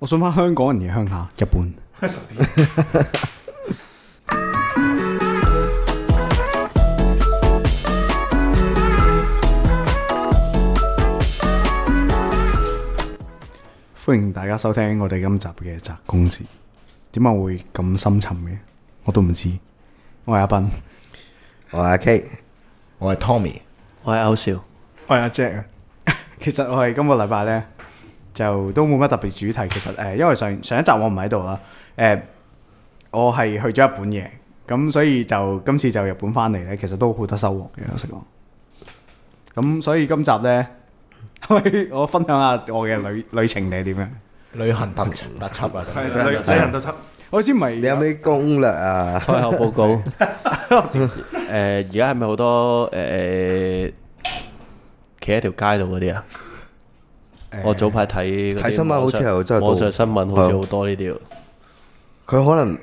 我想翻香港人嘅鄉下，日本。歡迎大家收聽我哋今集嘅宅公子，點解會咁深沉嘅？我都唔知。我係阿斌， 我係阿 K，我係 Tommy，我係歐少， 我係是阿 Jack。 其實我係今個禮拜咧。就都冇乜特別主題，其實誒，因為上上一集我唔喺度啦，誒、欸，我係去咗日本嘅，咁所以就今次就日本翻嚟咧，其實都好多收穫嘅，老實講。咁所以今集咧，可以我分享下我嘅旅旅程係點樣，旅行特程特輯啊，係旅行特輯。我先唔係，你有咩攻略啊？開口報告。誒， 而家係咪好多誒，企喺條街度嗰啲啊？我早排睇睇新聞，好似係真係網上新聞，好似好多呢啲。佢可能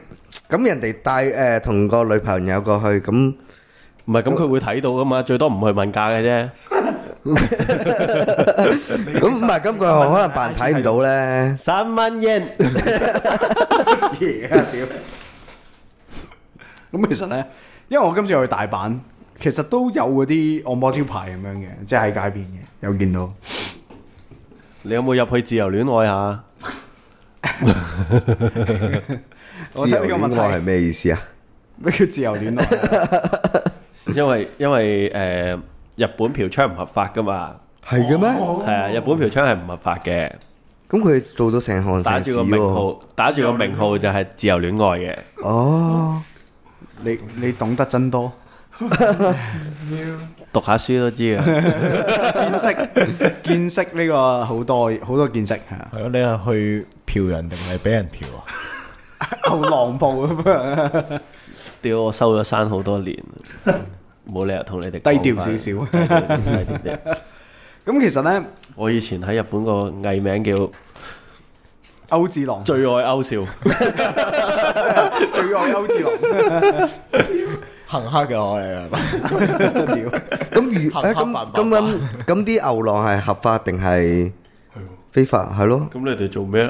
咁人哋帶誒同個女朋友過去，咁唔係咁佢會睇到噶嘛？最多唔去問價嘅啫。咁唔係咁佢可能扮睇唔到咧。三蚊日圓，嘢啊，屌！咁其實咧，因為我今次去大阪，其實都有嗰啲按摩招牌咁樣嘅，即係喺街邊嘅，有見到。你有冇入去自由戀愛吓？ 自由戀愛係咩意思啊？咩 叫自由戀愛 因？因為因為誒，日本嫖娼唔合法噶嘛？係嘅咩？係啊， 日本嫖娼係唔合法嘅。咁佢 做咗成行整、啊、打住個名號，打住個名號就係自由戀愛嘅。 哦，你你懂得真多。 讀下書都知啊， 見識見識呢個好多好多見識係啊。 你係去嫖人定係俾人嫖啊？ 牛郎布咁啊！屌 我收咗山好多年，冇 理由同你哋低調少少。咁 其實咧，我以前喺日本個藝名叫歐志郎，最愛歐少， 最愛歐歐志郎。 行黑嘅我哋係嘛？咁如咁咁啲牛郎係合法定係非法？係咯？咁你哋做咩？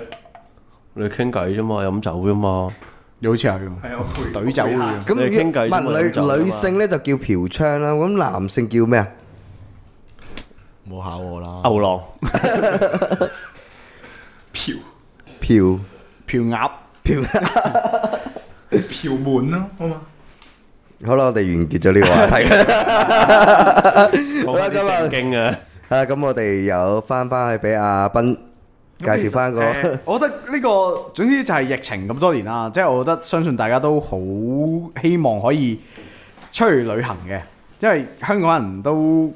你傾偈啫嘛，飲酒啫嘛，又好似係咁。係啊，懟酒嘅。咁傾偈女女性咧就叫嫖娼啦，咁男性叫咩啊？冇考我啦，牛郎嫖嫖嫖鴨嫖嫖滿啦，好嘛？好啦，我哋完結咗呢個話題。冇得咁勁啊！啊， 咁我哋又翻翻去俾阿斌介紹翻個。我覺得呢個，總之就係疫情咁多年啦，即係我覺得相信大家都好希望可以出去旅行嘅，因為香港人都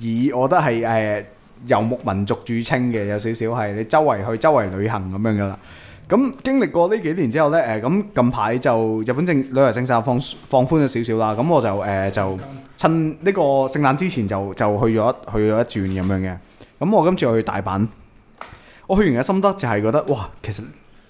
以，我覺得係誒遊牧民族著稱嘅，有少少係你周圍去周圍旅行咁樣噶啦。咁經歷過呢幾年之後呢，誒咁近排就日本政旅遊政策放放寬咗少少啦。咁我就誒就趁呢個聖誕之前就就去咗一去咗一轉咁樣嘅。咁我今次去大阪，我去完嘅心得就係覺得哇，其實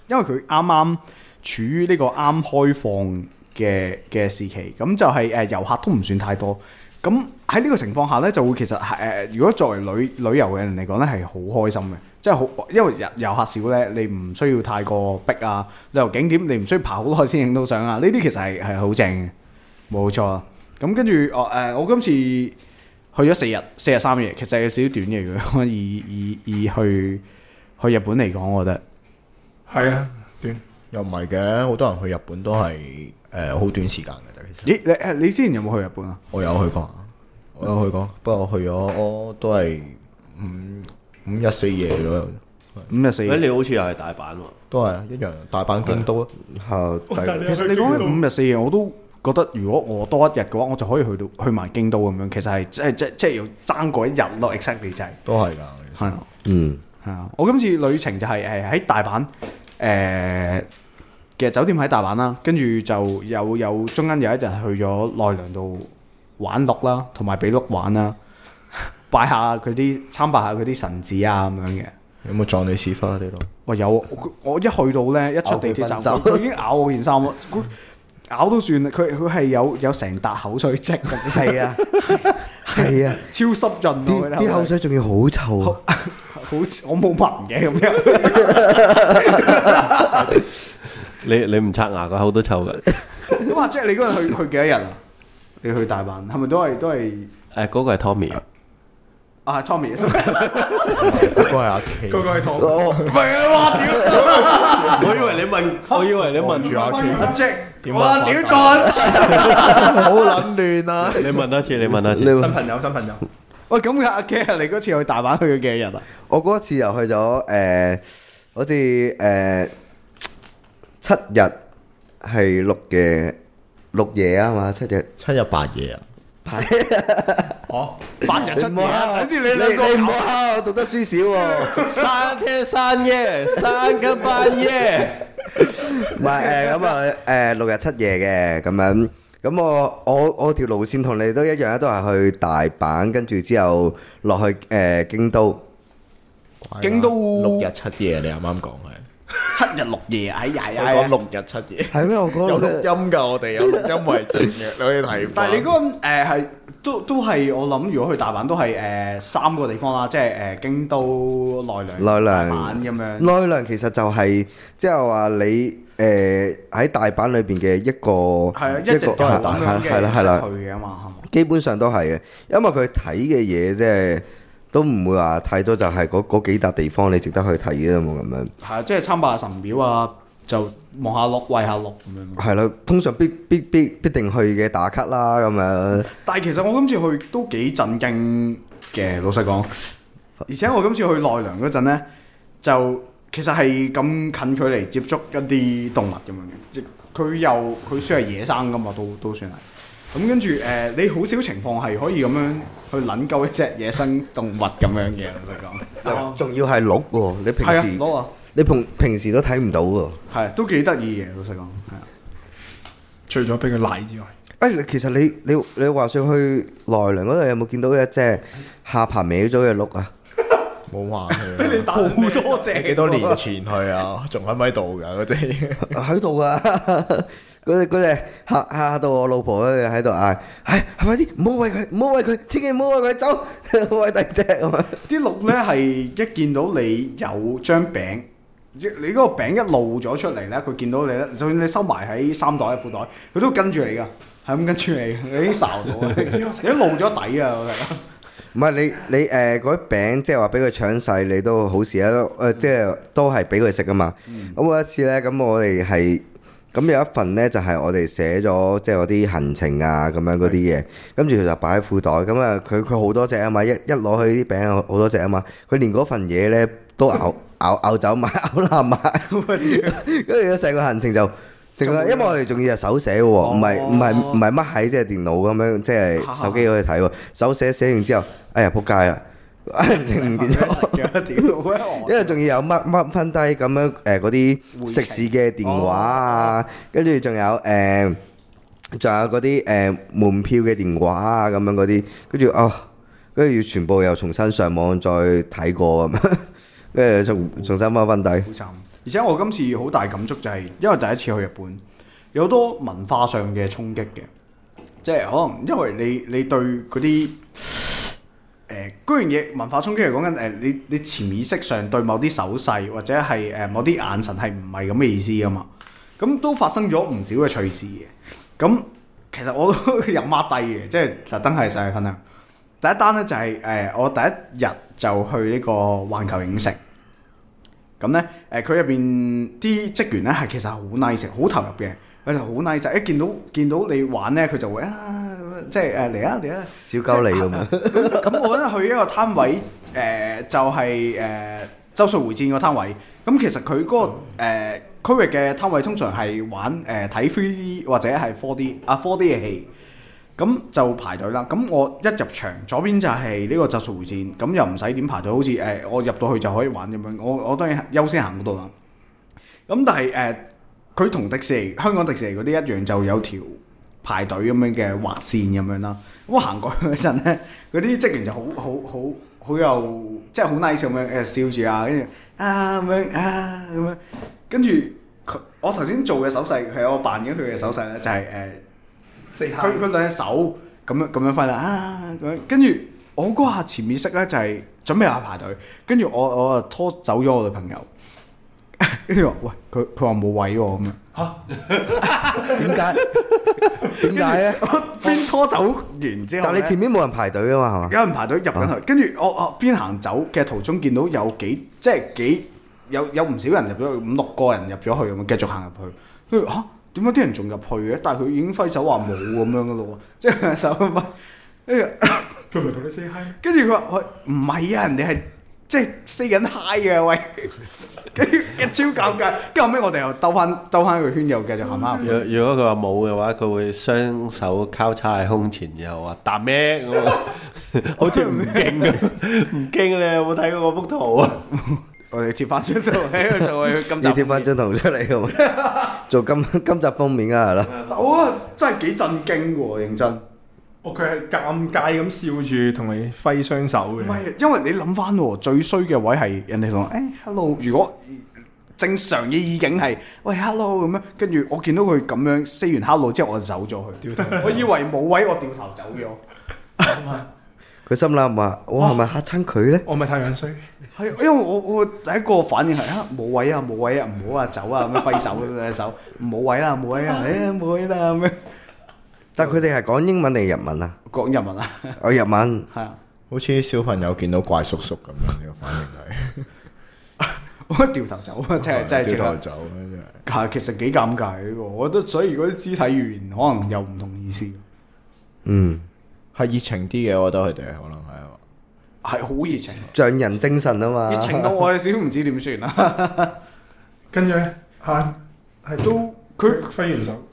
因為佢啱啱處於呢個啱開放嘅嘅時期，咁就係誒遊客都唔算太多。咁喺呢個情況下呢，就會其實係誒，如果作為旅旅遊嘅人嚟講呢，係好開心嘅。即係好，因為遊遊客少咧，你唔需要太過逼啊。旅遊景點你唔需要爬好耐先影到相啊。呢啲其實係係好正嘅，冇錯。咁跟住，我誒、呃、我今次去咗四日，四日三夜，其實有少少短嘅，可以以以去去日本嚟講，我覺得係啊，短又唔係嘅。好多人去日本都係誒好短時間嘅。其實咦，你誒你之前有冇去日本啊？我有去過，我有去過，不過我去咗我都係嗯。五日四夜咁，五日四夜。夜是你好似又係大阪喎，都係一樣，大阪京都啊。係的，其實你講五日四夜，我都覺得如果我多一日嘅話，我就可以去到去埋京都咁樣。其實係即係即即係要爭過一日咯，exactly 就係。都係㗎，係的嗯係啊。我今次旅程就係係喺大阪，誒、呃，其實酒店喺大阪啦，跟住就有有中間有一日去咗奈良度玩鹿啦，同埋俾鹿玩啦。拜下佢啲參拜下佢啲神子啊咁樣嘅。有冇撞你屎忽你咯？喂有，我一去到咧，一出地鐵站，佢已經咬我件衫喎。咬都算，佢佢係有有成笪口水跡嘅。係啊，係啊，超濕潤啊！啲口水仲要好臭啊！好，我冇聞嘅咁樣。你你唔刷牙，佢口都臭㗎。咁啊，即係你嗰日去，去幾多日啊？你去大阪？係咪都係都係？誒，嗰個係 Tommy 啊，Tommy，個係阿 K，個個係 Tom，唔係啊！哇，屌！我以為你問，我以為你問住阿 K，即係，哇，屌錯晒，好撚亂啊！你問多次，你問多次，新朋友，新朋友。喂，咁阿 K 啊，你嗰次去大阪去咗幾日啊？我嗰次又去咗，誒，好似誒七日係六嘅六夜啊嘛，七日七日八夜啊。睇啦，哦，八日七夜，好似你兩個。你唔好啊，我讀得書少喎。三天三夜，三更半夜。唔係誒，咁啊，誒六日七夜嘅咁樣。咁我我我條路線同你都一樣啊，都係去大阪，跟住之後落去誒京都。京都六日七夜，你啱啱講啊。七日六夜，哎呀呀！我講六日七夜，係咩？我講，有錄音噶，我哋有錄音為證嘅，你可以睇。但係你嗰個誒係都都係，我諗如果去大阪都係誒三個地方啦，即係誒京都奈良大阪咁樣。奈良其實就係即係話你誒喺大阪裏邊嘅一個，係啊，一直都係大阪啦，係啦，係啦，去嘅嘛，基本上都係嘅，因為佢睇嘅嘢即係。都唔會話太多就，就係嗰幾笪地方你值得去睇嘅。都冇咁樣。係啊、嗯，即係參拜神廟啊，就望下鹿，餵下鹿咁樣。係啦、嗯，通常必必必必定去嘅打卡啦咁樣。嗯、但係其實我今次去都幾震驚嘅，老實講。而且我今次去奈良嗰陣咧，就其實係咁近距離接觸一啲動物咁樣，即佢又佢算係野生㗎嘛，都都算係。咁跟住，誒、呃、你好少情況係可以咁樣去撚救一隻野生動物咁樣嘅，老實講，仲要係鹿喎，你平時的你平平時都睇唔到喎，係都幾得意嘅老實講，係啊，除咗俾佢奶之外、欸，誒其實你你你話上去奈良嗰度有冇見到一隻下巴歪咗嘅鹿啊？冇話佢，俾 你打好多隻、啊，幾多年前去啊，仲喺唔喺度㗎嗰隻？喺度㗎。嗰隻嗰隻吓，嚇到我老婆咧喺度嗌，係快啲唔好餵佢，唔好餵佢，千祈唔好餵佢，走餵第隻咁啊！啲鹿咧係一見到你有張餅，即係你嗰個餅一露咗出嚟，咧，佢見到你咧，就算你收埋喺衫袋、褲袋，佢都跟住你噶，係咁跟住你，你都睄到，你都露咗底啊！唔係你你誒，嗰啲餅即係話俾佢搶晒，你都好事啊！誒，即係都係俾佢食噶嘛。咁有一次咧，咁我哋係。咁有一份咧就係、是、我哋寫咗即係我啲行程啊咁樣嗰啲嘢，跟住佢就擺喺褲袋，咁啊佢佢好多隻啊嘛，一一攞去啲餅好多隻啊嘛，佢連嗰份嘢咧都咬咬咬走埋咬爛埋，我跟住成個行程就成個，因為我哋仲要係手寫喎，唔係唔係唔係乜喺即係電腦咁樣，即係手機可以睇喎，手寫寫完之後，哎呀仆街啊！唔見咗，因為仲要有乜乜分低咁樣誒嗰啲食肆嘅電話啊，跟住仲有誒，仲有嗰啲誒門票嘅電話啊咁樣嗰啲，跟住哦，跟住要全部又重新上網再睇過咁，跟住重重新乜乜分低。好慘！而且我今次好大感觸就係，因為第一次去日本，有好多文化上嘅衝擊嘅，即係可能因為你你對嗰啲。誒，嗰樣嘢文化衝擊嚟講緊，誒，你你潛意識上對某啲手勢或者係誒某啲眼神係唔係咁嘅意思噶嘛？咁都發生咗唔少嘅趣事嘅。咁其實我都有抹低嘅，即係特登係上去分享。第一單咧就係誒，我第一日就去呢個環球影城。咁咧，誒，佢入邊啲職員咧係其實好 nice，好投入嘅。佢哋好 nice 仔，一見到見到你玩咧，佢就會啊，即係誒嚟啊嚟啊，小狗嚟咁樣。咁我咧去一個攤位，誒就係誒咒術迴戰個攤位。咁其實佢嗰個誒區域嘅攤位通常係玩誒睇 three D 或者係 four D 啊 four D 嘅戲。咁就排隊啦。咁我一入場左邊就係呢個咒術迴戰，咁又唔使點排隊，好似誒我入到去就可以玩咁樣。我我當然優先行嗰度啦。咁但係誒。佢同迪士尼、香港迪士尼嗰啲一樣，就有條排隊咁樣嘅劃線咁樣啦。咁我行過去嗰陣咧，嗰啲職員就好好好好有即係好 nice 咁樣誒笑住啊，跟住啊咁樣啊咁樣，跟住我頭先做嘅手勢係我扮緊佢嘅手勢咧，就係、是、誒，佢、呃、佢海兩手咁樣咁樣揮啦啊咁樣，跟住我嗰下潛意識咧就係、是、準備下排隊，跟住我我啊拖走咗我女朋友。跟住話喂，佢佢話冇位喎咁樣、啊，吓？ 點解？點解咧？我邊拖走完之後，但係你前面冇人排隊噶嘛？係嘛？有人排隊入緊去，跟住我我邊行走嘅途中見到有幾即係幾有有唔少人入咗去，五六個人入咗去咁，繼續行入去。跟住吓？點解啲人仲入去嘅？但係佢已經揮手話冇咁樣噶咯？即係手唔係？跟住佢咪同佢 say hi，跟住佢話佢唔係啊，人哋係。即係 say 緊 hi 啊喂，跟住一超尷尬，跟後屘我哋又兜翻兜翻個圈，又繼續行啦。若如果佢話冇嘅話，佢會雙手交叉喺胸前，又話打咩咁，好似唔驚咁，唔驚咧。有冇睇過嗰幅圖啊？我哋切翻張圖喺度做，今集。你切翻張圖出嚟嘅嘛？做今今集封面啊，係喇。我真係幾震驚喎，認真。哦，佢係尷尬咁笑住同你揮雙手嘅。唔係，因為你諗翻喎，最衰嘅位係人哋同我誒，hello。如果正常嘅意境係喂 hello 咁樣，跟住我見到佢咁樣 say 完 hello 之後，我就走咗去。我以為冇位，我掉頭走咗。佢心諗話：我係咪嚇親佢咧？我係咪太樣衰？係，因為我我第一個反應係啊，冇位啊，冇位啊，唔好啊，走啊，咁樣揮手手，冇位啦，冇位啊，誒，冇位啦，咁樣。但佢哋係講英文定日，日文啊？講日文啊？哦，日文係啊，好似啲小朋友見到怪叔叔咁樣嘅反應係是，我 掉頭走啊！真係真係掉頭走啊！係是，其實幾尷尬呢個，我覺得。所以如果啲肢體語言可能有唔同意思，嗯，係熱情啲嘅，我覺得佢哋可能係，係好熱情，匠人精神啊嘛，熱情到我小唔知點算啊。 跟住咧，係係都佢揮完手。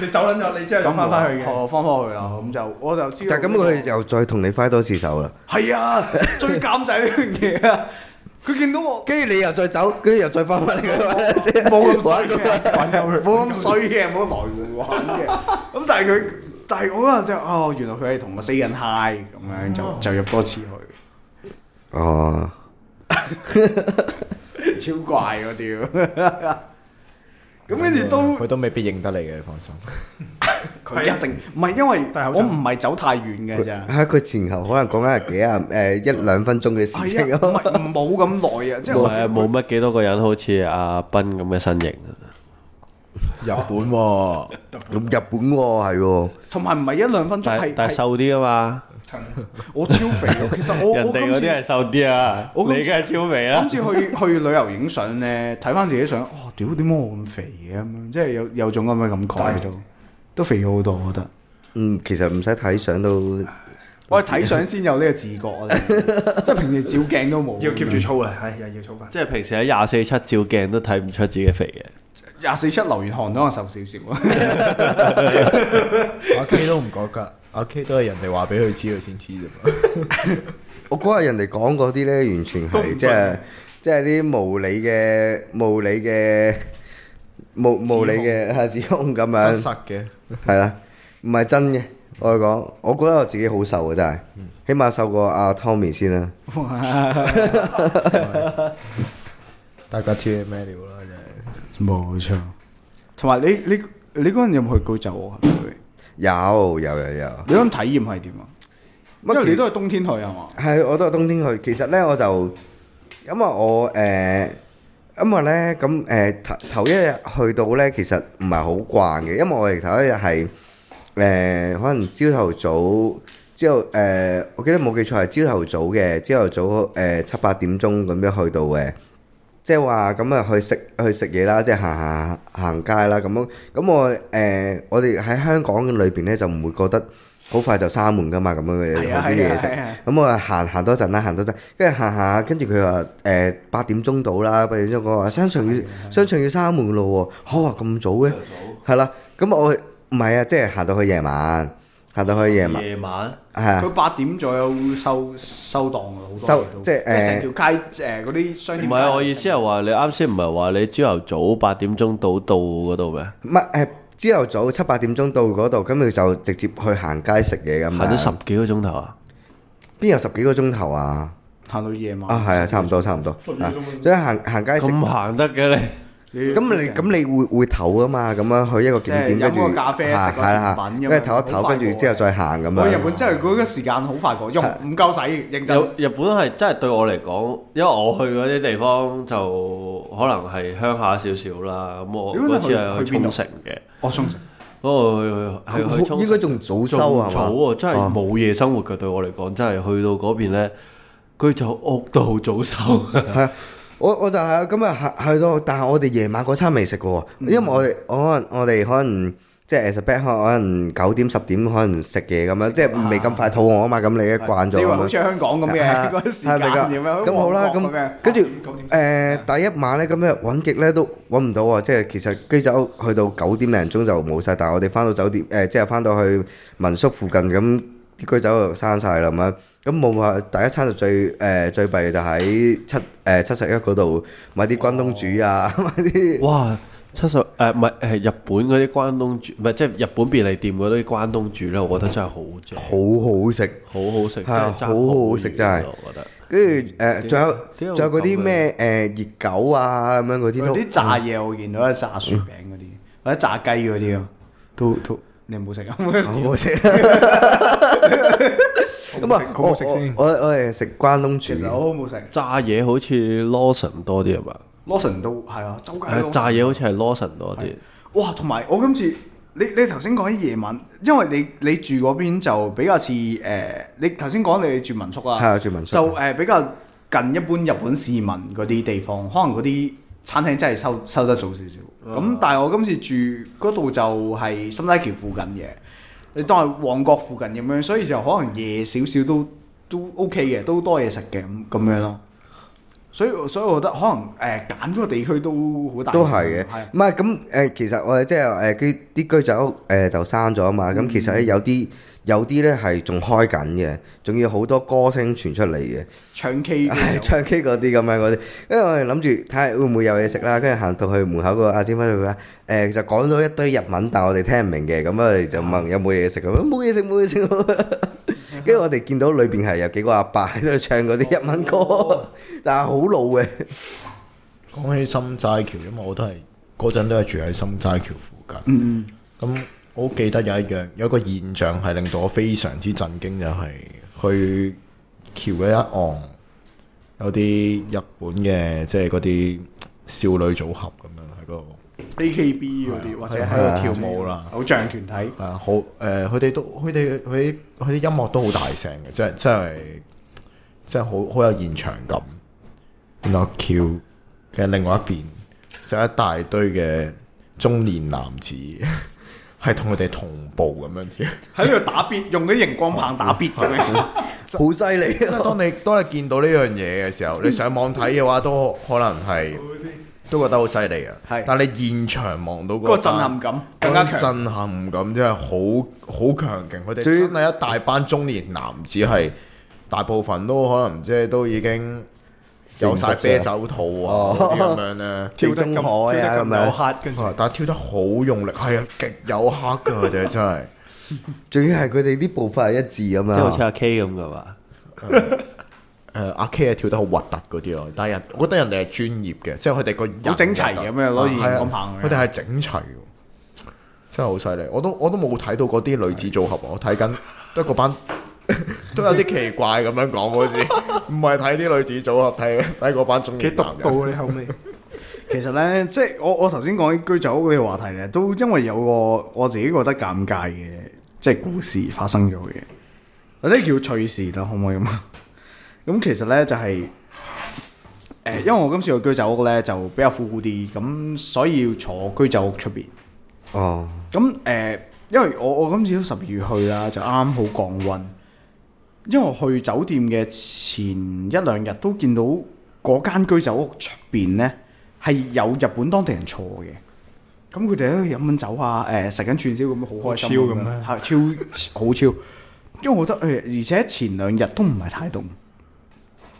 你走捻咗，你即係又翻翻去嘅。哦，翻翻去啊，咁就我就知。但係咁佢又再同你翻多次手啦。係啊，最監製呢樣嘢啊！佢見到我，跟住你又再走，跟住又再翻翻嗰度，冇咁玩嘅，冇咁衰嘅，冇來回玩嘅。咁但係佢，但係我嗰陣就哦，原來佢係同個死人嗨。咁樣，就就入多次去。哦，超怪我屌！咁跟住都佢都未必認得你嘅，你放心。佢一定唔係因為我唔係走太遠嘅啫。係佢前後可能講緊係幾啊誒一兩分鐘嘅事情咯，冇咁耐啊。即係冇乜幾多個人好似阿斌咁嘅身形。日本喎，咁日本喎係喎，同埋唔係一兩分鐘係，但係瘦啲啊嘛。 我超肥嘅，其實我我今次係瘦啲啊，你梗係超肥啦。今次去 去旅遊影相咧，睇翻自己相，哦，屌點解我咁肥嘅咁樣？即係有有種咁嘅感覺喺度，對都肥咗好多，我覺得。嗯，其實唔使睇相都，我睇相先有呢個自覺，我 即係平時照鏡都冇。 要 keep 住操啊，係又要操翻。即係平時喺廿四七照鏡都睇唔出自己肥嘅，廿四七流完汗都係瘦少少啊。 我 K 都唔覺㗎。阿 K 都係人哋話俾佢知佢先知啫嘛！我估下人哋講嗰啲咧，完全係即係即係啲無理嘅無理嘅無無理嘅阿子聰咁樣失實嘅係啦，唔係真嘅，我講，我覺得我自己好瘦啊，真係，嗯、起碼瘦過阿 Tommy 先啦，啊。大家知咩料啦？真係冇錯，同埋你你你嗰陣有冇去高就啊？有有有有，有有，你咁體驗係點啊？乜因為你都係冬天去啊嘛？係，我都係冬天去。其實咧，我就因為我誒、呃，因為咧咁誒，頭、呃、頭一日去到咧，其實唔係好慣嘅。因為我哋頭一日係誒、呃，可能朝頭早朝頭誒，我記得冇記錯係朝頭早嘅，朝頭早誒、呃、七八點鐘咁樣去到嘅。即係話咁啊，去食去食嘢啦，即係行下行，行街啦，咁樣咁我誒、呃、我哋喺香港嘅裏邊咧，就唔會覺得好快就閂門噶嘛，咁樣嘅有啲嘢食。咁我、啊啊啊、行行多陣啦，行多陣，跟住行下，跟住佢話誒八點鐘到啦，八點鐘我話商場要、啊、商場要閂門咯喎、哦，好話咁早嘅，係早啦，咁我唔係啊，即係行到去夜晚。行到去夜晚，夜晚，係佢八點左右會收收檔啊，好多收即係成條街誒嗰啲商店。唔係啊，我意思係話你啱先唔係話你朝頭早八點鐘到到嗰度咩？唔係誒，朝頭早七八點鐘到嗰度，咁你就直接去行街食嘢咁。行咗十幾個鐘頭啊？邊有十幾個鐘頭啊？行到夜晚啊，係啊，差唔多，差唔多。十幾個鐘，即係行行街食。咁行得嘅你？咁你咁你會會唞啊嘛，咁樣去一個景點，跟住咖啡吓係啦，吓因為唞一唞，跟住之後再行咁樣。去日本真係嗰個時間好快過，用唔夠使認真。日本係真係對我嚟講，因為我去嗰啲地方就可能係鄉下少少啦。咁我嗰次係去沖繩嘅，哦沖繩，哦去去去應該仲早收啊？早啊，真係冇夜生活噶。對我嚟講，真係去到嗰邊咧，佢就屋度早收。我我就係咁啊，去到，但係我哋夜晚嗰餐未食過喎，因為我哋我可能我哋可能即係食飯可能九點十點可能食嘢咁樣，即係未咁快肚餓啊嘛，咁你一慣咗，好似香港咁嘅係咪咁咁好啦，咁跟住誒第一晚咧，咁啊揾極咧都揾唔到啊，即係其實居酒屋去到九點零鐘就冇晒，但係我哋翻到酒店誒，即係翻到去民宿附近咁。啲佢走就生曬啦咁樣，咁冇話，第一餐就最誒最弊就喺七誒七十一路嗰度買啲關東煮啊，買啲哇七十誒唔係誒日本嗰啲關東煮，唔係即係日本便利店嗰啲關東煮咧，我覺得真係好正，好好食，好好食，係好好食真係，我覺得。跟住誒，仲有仲有嗰啲咩誒熱狗啊咁樣嗰啲都，啲炸嘢我見到啊，炸薯餅嗰啲，或者炸雞嗰啲啊，都都。你冇食啊？冇食。咁啊，我我我我哋食關東煮，其實好好食。炸嘢好似 Lawson 多啲係嘛？Lawson 都係啊，周街都。炸嘢好似係 Lawson 多啲。哇！同埋我今次，你你頭先講起夜晚，因為你你住嗰邊就比較似誒、呃，你頭先講你住民宿啊，係啊住民宿，就誒比較近一般日本市民嗰啲地方，可能嗰啲餐廳真係收收得早少少。咁、嗯、但係我今次住嗰度就係心齋橋附近嘅，你當係旺角附近咁樣，所以就可能夜少少都都 OK 嘅，都多嘢食嘅咁咁樣咯。所以所以我覺得可能誒揀嗰個地區都好大。都係嘅，唔係咁誒，其實我哋即係誒，佢、呃、啲居酒屋誒就閂咗啊嘛，咁、呃、其實有啲。嗯有啲咧係仲開緊嘅，仲要好多歌聲傳出嚟嘅、哎，唱 K，唱 K 嗰啲咁樣嗰啲。因為我哋諗住睇下會唔會有嘢食啦，跟住行到去門口個阿尖，媽度啦。誒就講咗一堆日文，但我哋聽唔明嘅。咁我哋就問有冇嘢食，咁冇嘢食冇嘢食。跟住 我哋見到裏邊係有幾個阿伯喺度唱嗰啲日文歌，哦哦哦、但係好老嘅。講起心齋橋，因為我都係嗰陣都係住喺心齋橋附近，咁、嗯。嗯。我記得有一樣，有一個現象係令到我非常之震驚，就係、係、去橋嘅一岸有啲日本嘅，即係嗰啲少女組合咁樣喺嗰度。AKB 嗰啲，啊、或者喺度跳舞啦，偶、啊、像團體。啊，好誒，佢、呃、哋都佢哋佢佢啲音樂都好大聲嘅，即係即係即係好好有現場感。然後橋嘅另外一邊就係、一大堆嘅中年男子。 係同佢哋同步咁樣嘅，喺度 打邊用啲熒光棒打邊，係咪？ 好犀利！即係 當你當你見到呢樣嘢嘅時候，你上網睇嘅話，都可能係都覺得好犀利啊！ 是但係你現場望到嗰、那個、個震撼感更加震撼感，感，真係好好強勁。佢哋真係一大班中年男子，係大部分都可能即係都已經。有晒啤酒肚啊，咁樣咧，跳得咁好啊，咁樣，但係跳得好用力，係啊，極有黑噶，佢哋真係。仲要係佢哋啲步伐係一致啊嘛，即係好似阿 K 咁嘅嘛。誒阿 K 係跳得好核突嗰啲咯，但係我覺得人哋係專業嘅，即係佢哋個人好整齊嘅咩，所以咁佢哋係整齊，真係好犀利。我都我都冇睇到嗰啲女子組合，我睇緊都係個班。 都有啲奇怪咁樣講好似，唔係睇啲女子組合，睇睇嗰班中年男人。到你後尾， 其實呢，即係我我頭先講喺居酒屋嘅話題呢，都因為有個我自己覺得尷尬嘅，即係故事發生咗嘅，嗱、就、呢、是、叫趣事咯，可唔可以咁？咁其實呢，就係、是，誒、呃，因為我今次去居酒屋呢，就比較 full full 啲，咁所以要坐居酒屋出邊。哦。咁誒、呃，因為我我今次都十二月去啦，就啱啱好降温。因為我去酒店嘅前一兩日都見到嗰間居酒屋出邊呢，係有日本當地人坐嘅，咁佢哋喺度飲緊酒啊，誒食緊串燒咁樣好開心咁樣，超好超。因為我覺得誒，而且前兩日都唔係太凍，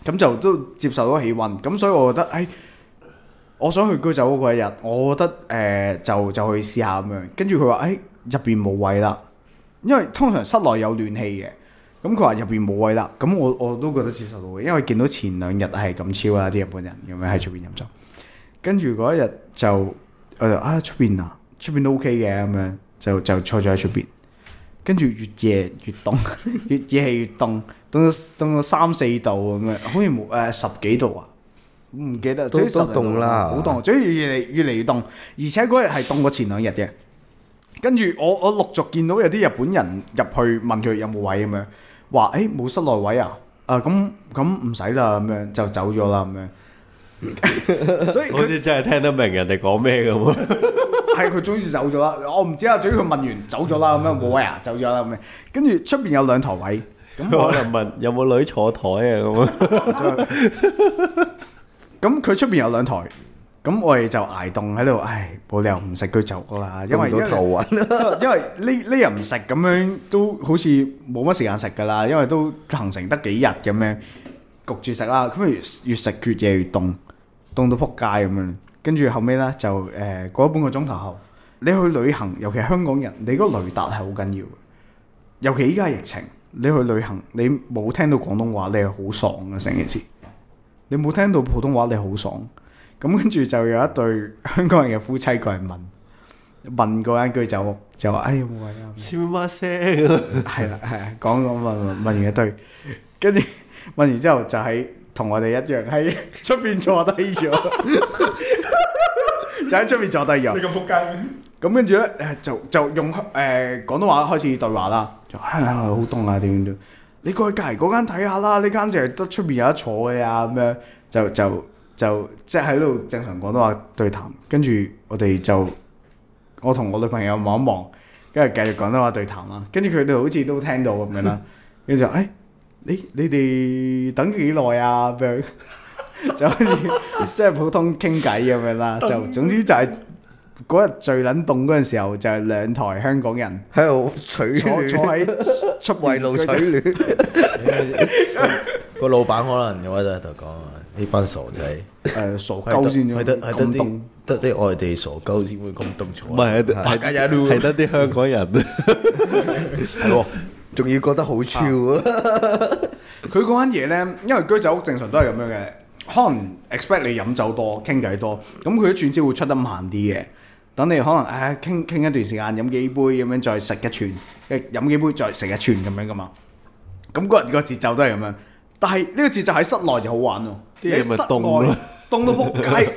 咁就都接受到氣温，咁所以我覺得誒，我想去居酒屋嗰一日，我覺得誒就就去試下咁樣。跟住佢話誒入邊冇位啦，因為通常室內有暖氣嘅。咁佢話入邊冇位啦，咁我我都覺得接受到，因為見到前兩日係咁超啦，啲日本人咁樣喺出邊飲酒，跟住嗰一日就我啊出邊啊，出邊、啊、都 OK 嘅咁樣，就就坐咗喺出邊，跟住越夜越凍， 越夜越凍，凍到凍到三四度咁樣，好似冇誒十幾度啊，唔記得，都十幾度都凍啦，好凍、嗯，最嗎越嚟越嚟越凍，而且嗰日係凍過前兩日嘅，跟住我我，我陸續見到有啲日本人入去問佢有冇位咁樣。話誒冇室內位啊，誒咁咁唔使啦，咁樣，樣，樣就走咗啦，咁樣， 所以好似真係聽得明人哋講咩咁啊，係佢終於走咗啦，我唔知啊，總之佢問完走咗啦，咁樣冇位啊，走咗啦，咁樣，跟住出邊有兩檯位，咁我就問有冇女坐檯啊咁啊，咁佢出邊有兩檯。咁我哋就挨凍喺度，唉，冇理由唔食佢就噶啦，因為都多頭、啊、 因為呢呢日唔食咁樣都好似冇乜時間食噶啦，因為都行程得幾日咁樣焗住食啦。咁越越食越夜越凍，凍到撲街咁樣。跟住後尾呢，就誒過咗半個鐘頭後，你去旅行，尤其香港人，你嗰個雷達係好緊要，尤其依家疫情，你去旅行，你冇聽到廣東話，你係好爽啊，成件事。你冇聽到普通話，你好爽。咁跟住就有一對香港人嘅夫妻過嚟問問過一句，佢就就話：哎呀冇位啊！笑乜聲？係啦係啊，講咁問問問完一對，跟住問完之後就喺同我哋一樣喺出邊坐低咗，就喺出邊坐低咗。你咁撲街！咁跟住咧，就就用誒廣東話開始對話啦。好凍啊！點點點，你過去隔離嗰間睇下啦。呢間就係得出邊有得坐嘅呀。咁樣就就。就即係喺度正常廣東話對談，跟住我哋就我同我女朋友望一望，跟住繼續廣東話對談啦。跟住佢哋好似都聽到咁樣啦，跟住就誒你你哋等幾耐啊？就就好似即係普通傾偈咁樣啦。就總之就係嗰日最撚凍嗰陣時候，就係兩台香港人喺度取暖，坐喺出圍路取暖。個老闆可能嗰陣喺度講。呢班傻仔，誒傻鬼得，係得啲，得啲外地傻狗先會咁動作。唔係，係大家都係得啲香港人，係喎，仲要覺得好超。佢嗰間嘢咧，因為居酒屋正常都係咁樣嘅，可能 expect 你飲酒多、傾偈多，咁佢一串燒會出得慢啲嘅。等你可能誒傾傾一段時間，飲幾杯咁樣，再食一串，飲幾杯再食一串咁樣噶嘛。咁個個節奏都係咁樣。但係呢個節奏就喺室內就好玩哦。啲嘢咪凍咯，凍到仆街。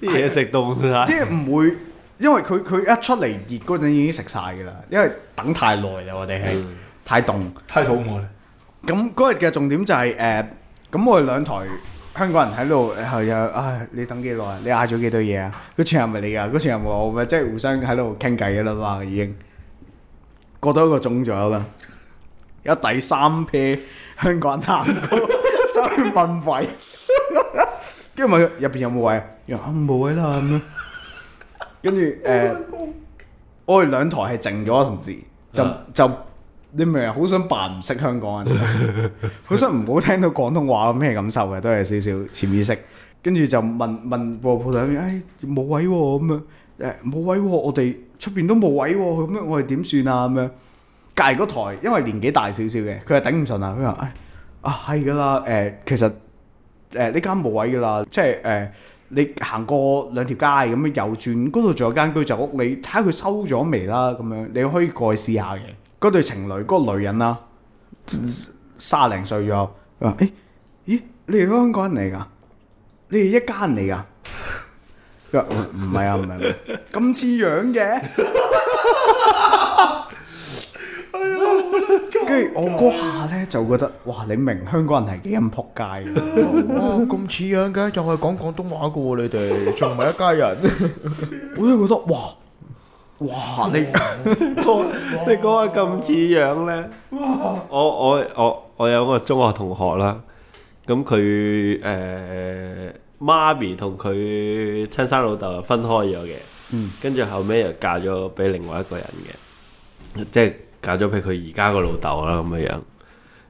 啲嘢食凍晒。即係唔會，因為佢佢一出嚟熱嗰陣已經食晒噶啦，因為等太耐啦，我哋係太凍，太肚餓啦。咁嗰日嘅重點就係誒，咁我哋兩台香港人喺度，然後又啊，你等幾耐？你嗌咗幾多嘢啊？嗰次係咪你噶？嗰次我咪即係互相喺度傾偈噶啦嘛，已經過到一個鐘咗啦，有第三 pair。香港人探歌真係瞓廢，問 問有有跟住問佢入邊有冇位啊？有冇位啦咁啊？跟住，誒，我哋兩台係靜咗啊，同時就就你明好想扮唔識香港人，好 想唔好聽到廣東話咩感受嘅，都係少少潛意識。跟住就問問個鋪頭，誒、哎、冇位喎咁樣，誒冇位喎，我哋出邊都冇位喎，咁樣我哋點算啊咁樣？隔籬嗰台，因為年紀大少少嘅，佢係頂唔順啊。佢話：，誒，啊，係噶啦，誒，其實，誒，呢間冇位噶啦，即係，誒，你行過兩條街咁樣右轉，嗰度仲有間居酒屋，你睇下佢收咗未啦，咁樣，你可以過去試下嘅。嗰對情侶，嗰個女人啦，卅零歲左右，佢話：，誒，咦，你哋係香港人嚟噶？你哋係一家人嚟噶？唔唔係啊，唔係，咁似樣嘅。跟住我嗰下咧，就覺得哇！你明香港人係幾咁仆街嘅，哇！咁似樣嘅，又係講廣東話嘅喎，你哋仲唔係一家人？我都覺得哇哇！你你講話咁似樣咧，我我我我有個中學同學啦，咁佢誒媽咪同佢親生老豆分開咗嘅，嗯，跟住後尾又嫁咗俾另外一個人嘅，即係。搞咗畀佢而家個老豆啦咁嘅樣，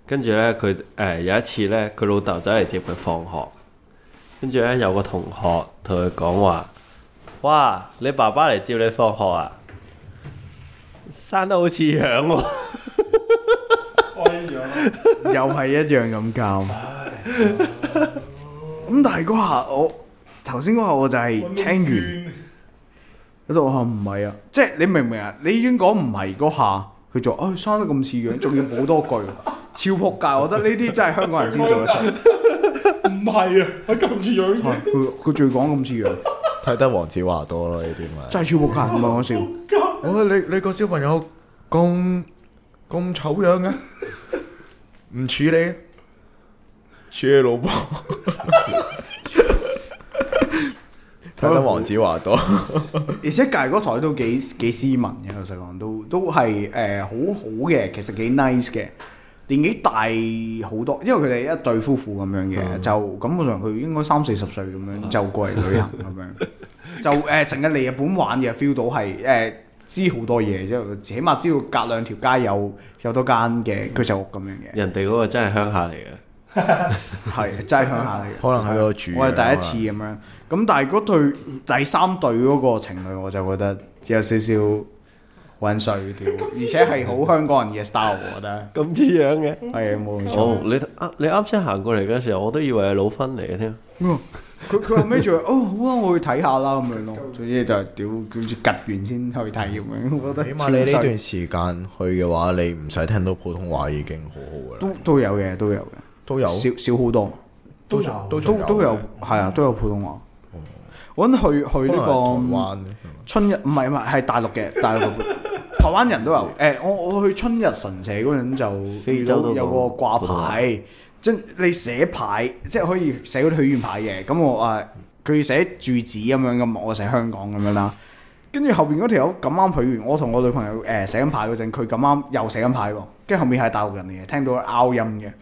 跟住呢，佢誒、欸、有一次呢，佢老豆走嚟接佢放學，跟住呢，有個同學同佢講話，哇，你爸爸嚟接你放學啊？生得好似樣，樣，喎又係一樣咁教。咁但係嗰下我頭先嗰下我就係聽完，喺度我話唔係啊，即係你明唔明啊？你已經講唔係嗰下。佢做，啊、哎，生得咁似樣，仲要冇多句，超仆街！我覺得呢啲真係香港人先做得出。唔係 啊，佢咁似樣。佢佢仲講咁似樣，睇得黃子華多咯呢啲咪。真係超仆街，唔係講笑。我覺得你你個小朋友咁咁醜樣啊，唔似你，似你 老婆？ 睇得黃子華多，而且隔嗰台都幾幾斯文嘅，老實講都都係誒好好嘅，其實幾 nice 嘅。年紀大好多，因為佢哋一對夫婦咁樣嘅，就基本上佢應該三四十歲咁樣就過嚟旅行咁樣，就誒成日嚟日本玩嘅，feel 到係誒知好多嘢，即係起碼知道隔兩條街有有多間嘅居酒屋咁樣嘅。人哋嗰個真係鄉下嚟嘅，係 真係鄉下嚟嘅。可能係個住。Kaiser，我係第一次咁樣。咁但係嗰對第三對嗰個情侶，我就覺得只有少少温水啲，而且係好香港人嘅 style，我覺得咁似樣嘅係冇錯。你啱你啱先行過嚟嘅時候，我都以為係老芬嚟嘅添。佢佢後尾仲話：有有 哦，好啊，我去睇下啦咁樣咯。總之就屌，叫住吉完先去睇咁樣。我覺得起碼你呢段時間去嘅話，你唔使聽到普通話已經好好噶啦。都都有嘅，都有嘅，都有少少好多都都、嗯，都有都都都有係啊，都有普通話。我啲去去呢、這個春日，唔係唔係係大陸嘅，大陸 台灣人都有。誒、 欸，我我去春日神社嗰陣就有個掛牌，即你寫牌，即係可以寫嗰啲許願牌嘅。咁我誒佢要寫住址咁樣嘅，我寫香港咁樣啦。跟住後邊嗰條友咁啱許完，我同我女朋友誒、欸、寫緊牌嗰陣，佢咁啱又寫緊牌喎。跟住後面係大陸人嚟嘅，聽到佢拗音嘅，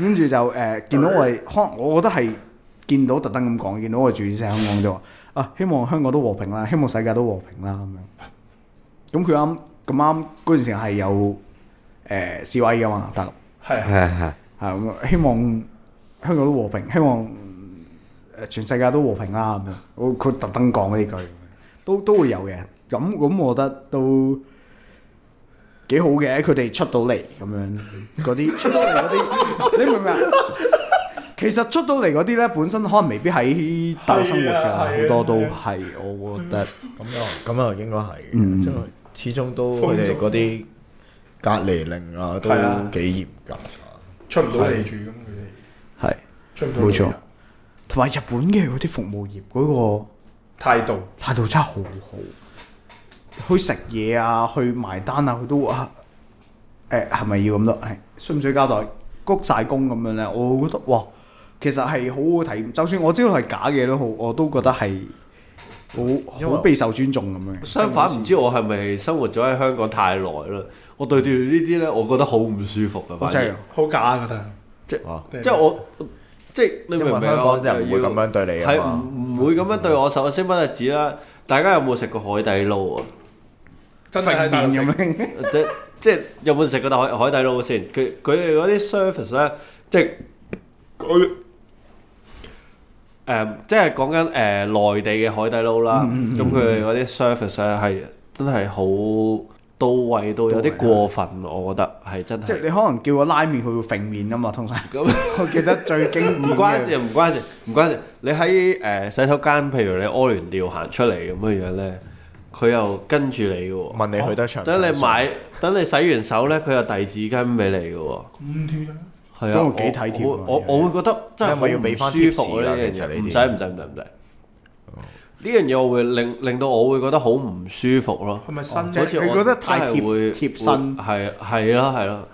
跟住就誒、欸、見到我係，可能我覺得係見到特登咁講，見到我係住址寫香港啫喎。啊！希望香港都和平啦，希望世界都和平啦咁樣。咁佢啱咁啱嗰段時間係有誒、呃、示威㗎嘛，得係係係係咁希望香港都和平，希望誒全世界都和平啦咁樣。我佢特登講呢句，都都會有嘅。咁咁，我覺得都幾好嘅。佢哋出到嚟咁樣，嗰啲出到嚟嗰啲，你明唔明啊？其實出到嚟嗰啲咧，本身可能未必喺大陸生活嘅，好多都係，我覺得咁樣，咁啊，應該係，即係始終都佢哋嗰啲隔離令啊都幾嚴格，出唔到嚟住，咁佢哋係出唔到嚟，冇錯。同埋日本嘅嗰啲服務業嗰個態度，態度真係好好。去食嘢啊，去埋單啊，佢都誒係咪要咁多？係需唔需要交代？鞠晒躬咁樣咧，我覺得哇！其實係好好睇，就算我知道係假嘅都好，我都覺得係好好備受尊重咁樣。相反，唔知我係咪生活咗喺香港太耐啦？我對住呢啲咧，我覺得好唔舒服嘅。反正好假，覺得即係即係我即係你明唔明？香港人唔會咁樣對你，係唔會咁樣對我。首先，乜嘢字啦？大家有冇食過海底撈啊？真係係咁樣，即係有冇食過海海底撈先？佢佢哋嗰啲 service 咧，即係佢。誒，即係講緊誒內地嘅海底撈啦，咁佢哋嗰啲 service 咧係真係好到位到有啲過分，啊、我覺得係真係。即係你可能叫個拉麵，佢會揈麵啊嘛，通常。咁 我記得最驚唔 關事，唔關事，唔關，關事。你喺誒、呃、洗手間，譬如你屙完尿行出嚟咁嘅樣咧，佢又跟住你嘅喎、哦。問你去得場、哦？等你買，等你洗完手咧，佢又遞紙巾俾你嘅喎、哦。係啊，幾體貼，我我會覺得，真係咪要俾翻貼士？啊？其實你唔使唔使唔使唔使。呢樣嘢我會令令到我會覺得好唔舒服咯。係咪新似我、哦、覺得太貼貼身？係係咯係咯。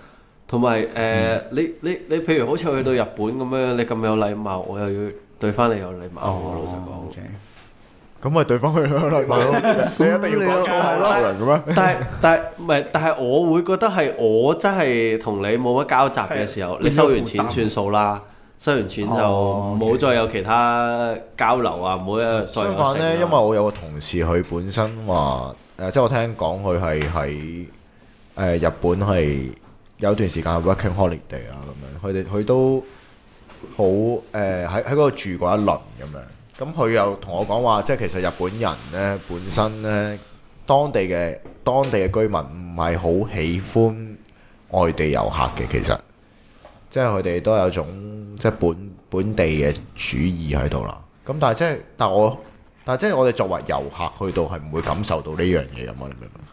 同埋誒，你你你，譬如好似去到日本咁樣，嗯、你咁有禮貌，我又要對翻你有禮貌。哦，老實講。哦 okay. 咁咪 對方去香港旅行囉，你一定要講錯係咯，但係但係唔係，但係我會覺得係我真係同你冇乜交集嘅時候，你收完錢算數啦，收完錢就冇再有其他交流啊，冇一、哦。相反咧，因為我有個同事，佢本身話誒，即係我聽講佢係喺誒日本係有一段時間 working holiday 啊，咁樣佢哋佢都好誒喺喺嗰度住過一輪咁樣。咁佢又同我講話，即係其實日本人呢本身呢當地嘅當地嘅居民唔係好喜歡外地遊客嘅，其實即係佢哋都有一種即係本本地嘅主義喺度啦。咁但係即係，但係我，但係即係我哋作為遊客去到係唔會感受到呢樣嘢咁啊！你明唔明？